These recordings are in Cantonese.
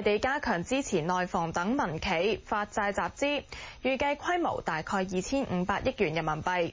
內地加強支持內房等民企發債集資，預計規模大概二千五百億元人民幣。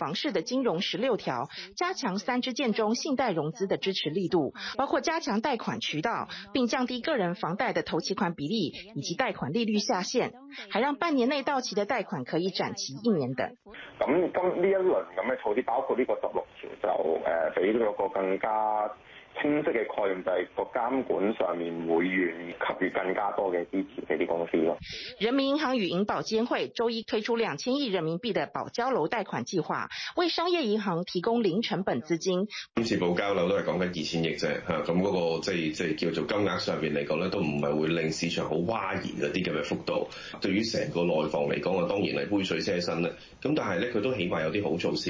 房市的金融十六條，加強三支箭中信貸融資的支持力度，包括加強貸款渠道，並降低個人房貸的頭期款比例以及貸款利率下限，還讓半年內到期的貸款可以展期一年等。咁今呢一輪咁嘅措施，嗯、包括呢個十六條就誒，俾、呃、呢個更加清晰嘅概念就係個監管上面，會願意給予更加多嘅支持俾啲公司咯。人民銀行與銀保監會周一推出兩千億人民幣嘅保交樓貸款計劃，為商業銀行提供零成本資金。今次保交樓都係講緊二千億啫嚇，咁嗰個即係即係叫做金額上邊嚟講咧，都唔係會令市場好嘩然嗰啲咁嘅幅度。對於成個內房嚟講啊，當然係杯水車薪啦。咁但係咧，佢都起碼有啲好措施。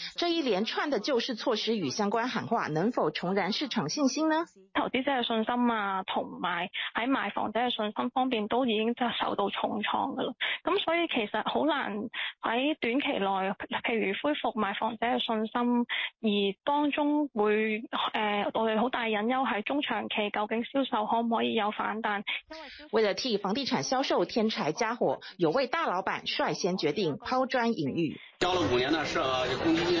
這一連串的救市措施與相關喊話，能否重燃市場信心呢？投資者嘅信心啊，同埋喺買房者嘅信心方面都已經受到重創噶啦。咁所以其實好難喺短期內，譬如恢復買房者嘅信心，而當中會誒、呃、我哋好大隱憂係中長期究竟銷售，售可唔可以有反彈？為了替房地產銷售添柴加火，有位大老闆率先決定拋磚引玉。交了五年嘅社公積